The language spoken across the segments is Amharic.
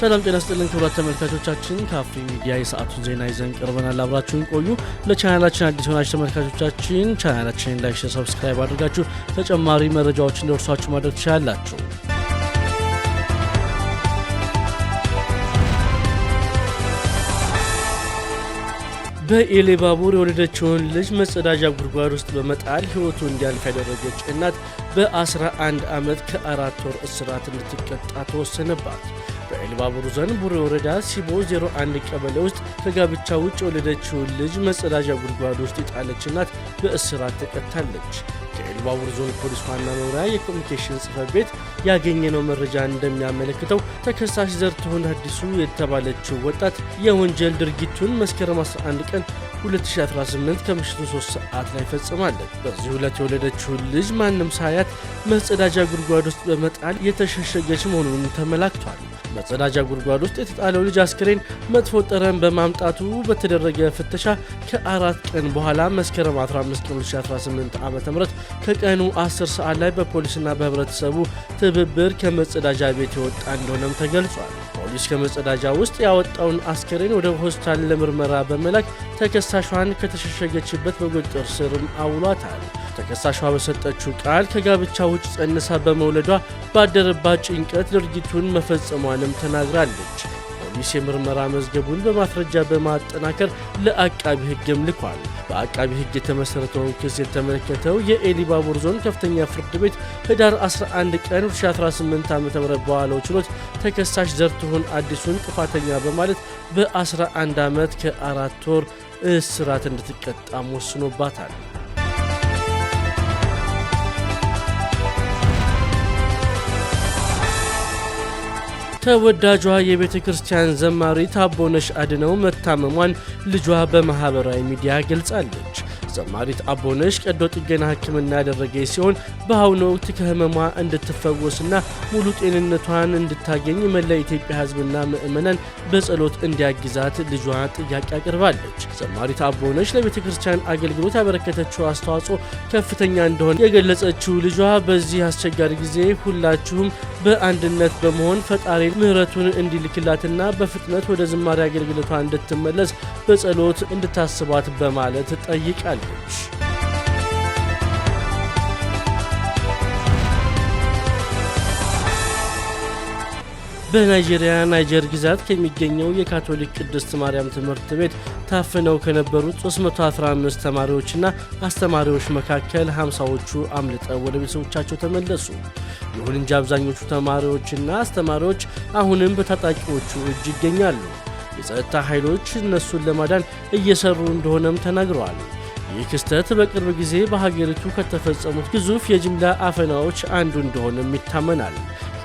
ሰላም ጤና ስጥልን ክብራት ተመልካቾቻችን፣ ከአፍሪ ሚዲያ የሰዓቱን ዜና ይዘን ቀርበናል። አብራችሁን ቆዩ። ለቻናላችን አዲስ ሆናች ተመልካቾቻችን ቻናላችንን ላይ ሰብስክራይብ አድርጋችሁ ተጨማሪ መረጃዎች ደርሷችሁ ማድረግ ትችላላችሁ። በኢሌ ባቡር የወለደችውን ልጅ መጸዳጃ ጉድጓድ ውስጥ በመጣል ሕይወቱ እንዲያልፍ ያደረገች እናት በ11 ዓመት ከአራት ወር እስራት እንድትቀጣ ተወሰነባት። በኢሉባቡር ዞን ቡሬ ወረዳ ሲቦ 01 ቀበሌ ውስጥ ከጋብቻ ውጭ የወለደችውን ልጅ መጸዳጃ ጉድጓድ ውስጥ የጣለች እናት በእስራት ተቀጣለች። የኢሉባቡር ዞን ፖሊስ ዋና መምሪያ የኮሚኒኬሽን ጽህፈት ቤት ያገኘነው መረጃ እንደሚያመለክተው ተከሳሽ ዘርትሆን አዲሱ የተባለችው ወጣት የወንጀል ድርጊቱን መስከረም 11 ቀን 2018 ከምሽቱ 3 ሰዓት ላይ ፈጽማለች። በዚህ ሁለት የወለደችውን ልጅ ማንም ሳያት መጸዳጃ ጉድጓድ ውስጥ በመጣል የተሸሸገች መሆኑን ተመላክቷል። መጸዳጃ ጉድጓድ ውስጥ የተጣለው ልጅ አስክሬን መጥፎ ጠረን በማምጣቱ በተደረገ ፍተሻ ከአራት ቀን በኋላ መስከረም 15 ቀን 2018 ዓ ም ከቀኑ 10 ሰዓት ላይ በፖሊስና በህብረተሰቡ ትብብር ከመጸዳጃ ቤት የወጣ እንደሆነም ተገልጿል። ፖሊስ ከመጸዳጃ ውስጥ ያወጣውን አስከሬን ወደ ሆስፒታል ለምርመራ በመላክ ተከሳሿን ከተሸሸገችበት በቁጥጥር ስርም አውሏታል። ተከሳሿ በሰጠችው ቃል ከጋብቻ ውጭ ጸንሳ በመውለዷ ባደረባት ጭንቀት ድርጊቱን መፈጸሟንም ተናግራለች። አዲስ የምርመራ መዝገቡን በማስረጃ በማጠናከር ለአቃቢ ሕግም ልኳል። በአቃቢ ሕግ የተመሠረተውን ክስ የተመለከተው የኤሊ ባቡር ዞን ከፍተኛ ፍርድ ቤት ህዳር 11 ቀን 2018 ዓ ም በዋለው ችሎት ተከሳሽ ዘርትሁን አዲሱን ጥፋተኛ በማለት በ11 ዓመት ከአራት ወር እስራት እንድትቀጣም ወስኖባታል። ተወዳጇ የቤተ ክርስቲያን ዘማሪት አቦነሽ አድነው መታመሟን ልጇ በማህበራዊ ሚዲያ ገልጻለች። ዘማሪት አቦነሽ ቀዶ ጥገና ሕክምና ያደረገች ሲሆን በአሁኑ ወቅት ከህመሟ እንድትፈወስና ሙሉ ጤንነቷን እንድታገኝ መላ ኢትዮጵያ ሕዝብና ምዕመናን በጸሎት እንዲያግዛት ልጇ ጥያቄ አቅርባለች። ዘማሪት አቦነሽ ለቤተ ክርስቲያን አገልግሎት ያበረከተችው አስተዋጽኦ ከፍተኛ እንደሆነ የገለጸችው ልጇ በዚህ አስቸጋሪ ጊዜ ሁላችሁም በአንድነት በመሆን ፈጣሪ ምሕረቱን እንዲልክላትና በፍጥነት ወደ ዝማሬ አገልግሎቷ እንድትመለስ በጸሎት እንድታስቧት በማለት ጠይቃለች። በናይጄሪያ ናይጀር ግዛት ከሚገኘው የካቶሊክ ቅድስት ማርያም ትምህርት ቤት ታፍነው ከነበሩት 315 ተማሪዎችና አስተማሪዎች መካከል 50ዎቹ አምልጠው ወደ ቤተሰቦቻቸው ተመለሱ። ይሁን እንጂ አብዛኞቹ ተማሪዎችና አስተማሪዎች አሁንም በታጣቂዎቹ እጅ ይገኛሉ። የጸጥታ ኃይሎች እነሱን ለማዳን እየሰሩ እንደሆነም ተናግረዋል። ይህ ክስተት በቅርብ ጊዜ በሀገሪቱ ከተፈጸሙት ግዙፍ የጅምላ አፈናዎች አንዱ እንደሆነም ይታመናል።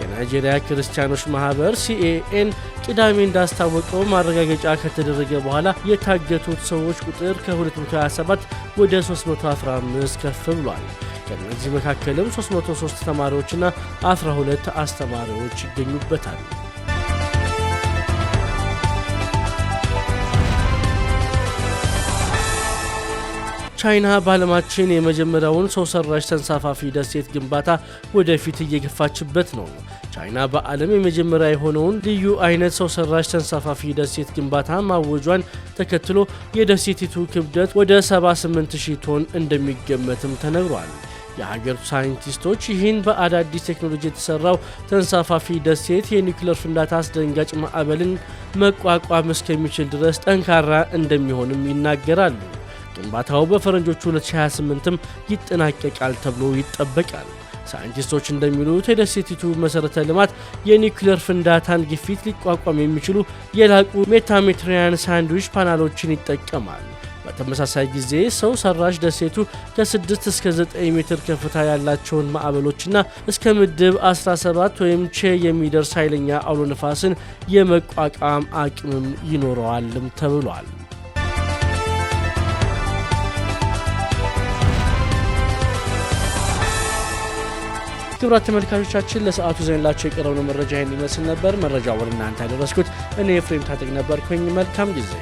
የናይጄሪያ ክርስቲያኖች ማህበር ሲኤኤን ቅዳሜ እንዳስታወቀው ማረጋገጫ ከተደረገ በኋላ የታገቱት ሰዎች ቁጥር ከ227 ወደ 315 ከፍ ብሏል። ከእነዚህ መካከልም 303 ተማሪዎችና 12 አስተማሪዎች ይገኙበታል። ቻይና በዓለማችን የመጀመሪያውን ሰው ሰራሽ ተንሳፋፊ ደሴት ግንባታ ወደፊት እየገፋችበት ነው። ቻይና በዓለም የመጀመሪያ የሆነውን ልዩ አይነት ሰው ሰራሽ ተንሳፋፊ ደሴት ግንባታ ማወጇን ተከትሎ የደሴቲቱ ክብደት ወደ 78000 ቶን እንደሚገመትም ተነግሯል። የሀገሪቱ ሳይንቲስቶች ይህን በአዳዲስ ቴክኖሎጂ የተሰራው ተንሳፋፊ ደሴት የኒውክሌር ፍንዳታ አስደንጋጭ ማዕበልን መቋቋም እስከሚችል ድረስ ጠንካራ እንደሚሆንም ይናገራሉ። ግንባታው በፈረንጆቹ 2028ም ይጠናቀቃል ተብሎ ይጠበቃል። ሳይንቲስቶች እንደሚሉት የደሴቲቱ መሠረተ ልማት የኒውክሌር ፍንዳታን ግፊት ሊቋቋም የሚችሉ የላቁ ሜታሜትሪያን ሳንድዊች ፓናሎችን ይጠቀማል። በተመሳሳይ ጊዜ ሰው ሰራሽ ደሴቱ ከ6 እስከ 9 ሜትር ከፍታ ያላቸውን ማዕበሎችና እስከ ምድብ 17 ወይም ቼ የሚደርስ ኃይለኛ አውሎ ነፋስን የመቋቋም አቅምም ይኖረዋልም ተብሏል። ክብራት ተመልካቾቻችን ለሰዓቱ ዘንላቸው የቀረብነው መረጃ ይህን ይመስል ነበር። መረጃውን እናንተ ያደረስኩት እኔ የፍሬም ታጠቅ ነበርኩኝ። መልካም ጊዜ